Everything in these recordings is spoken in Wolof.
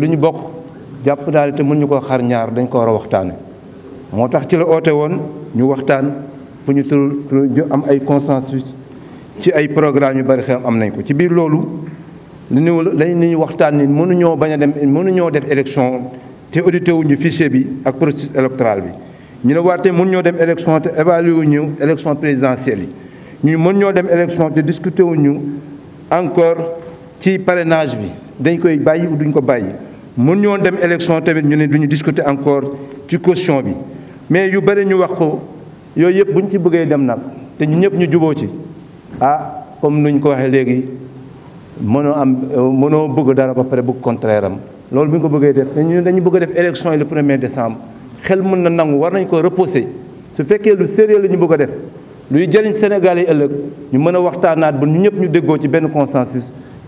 li ñu bokk jàpp daal te mën ñu xar ñaar dañ ko war a waxtaane moo tax ci la oote woon ñu waxtaan bu ñu tur ñu am ay consensus ci ay programme yu bari xam am nañ ko ci biir loolu li ñu lañ ni ñu waxtaan ni mënuñoo bañ a dem mënuñoo def élection te audité wuñu fichier bi ak processus électoral bi ñu ne waatee mën ñoo dem élection te évalué wuñu élection présidentielle yi ñu mën ñoo dem élection te discuter wuñu encore ci parrainage bi dañ koy bàyyi ou duñ ko bàyyi nous avons dem élection tamit ñu encore ci caution mais yu bëri ñu wax ko yooyu buñ ci nous dem avons ñu nous ñu dit. ah comme nous ko avons am nous bëgg dara contraire Nous loolu avons des le premier décembre xel mën na nangu nous avons ko reposer. su lu sérieux la ñu nous consensus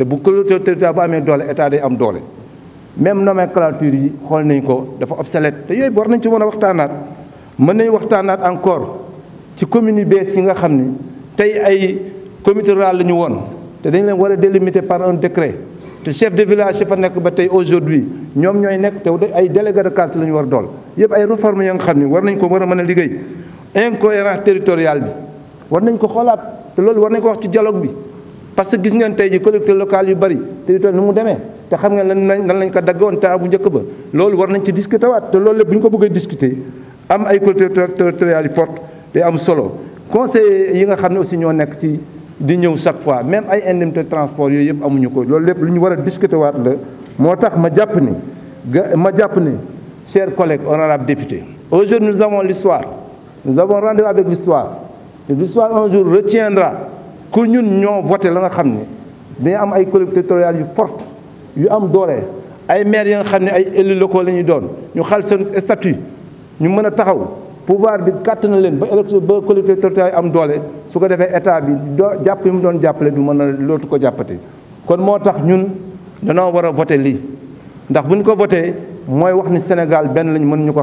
te bu collectivité territoriale bu amee doole état day am doole même nomenclature yi xool nañ ko dafa obsolète te yooyu war nañ ci mën a waxtaanaat mën nañ waxtaanaat encore ci commune yi bees yi nga xam ni tey ay comité rural la ñu woon te dañ leen war a délimiter par un décret te chef de village yi fa nekk ba tey aujourd'hui ñoom ñooy nekk te ay délégué de quartier la ñu war dool yëpp ay réformes ya nga xam ni war nañ ko war a mën a liggéey incohérence bi war nañ ko xoolaat loolu war nañ ko wax ci dialogue bi parce que gis ngeen tay ji collectivité locale yu bëri territoire nu mu demee te xam nga lan lañ lañ ko daggoon te bu njëkk ba loolu war nañ ci discuter waat te loolu buñ ko bëggee discuter am ay collectivités territoriale yu forte te am solo conseil yi nga xam ne aussi ñoo nekk ci di ñëw chaque fois même ay indemnité transport yooyu yëpp amuñu ko loolu lépp lu ñu war a discuter waat la moo tax ma jàpp ni ma jàpp ni cher collègue honorable député aujourd'hui nous avons l'histoire nous avons rendez-vous avec l'histoire et l'histoire un jour retiendra nous avons ñoo voté la nga Mais ne dañu am collectivités territoriales yu forte yu am doole ay maires yi nga xam ay élus locaux statut pouvoir na leen ba collectivités territoriales am doole su ko defee état bi mu a lootu ko kon de tax ñun voté ni Sénégal ben lañ ko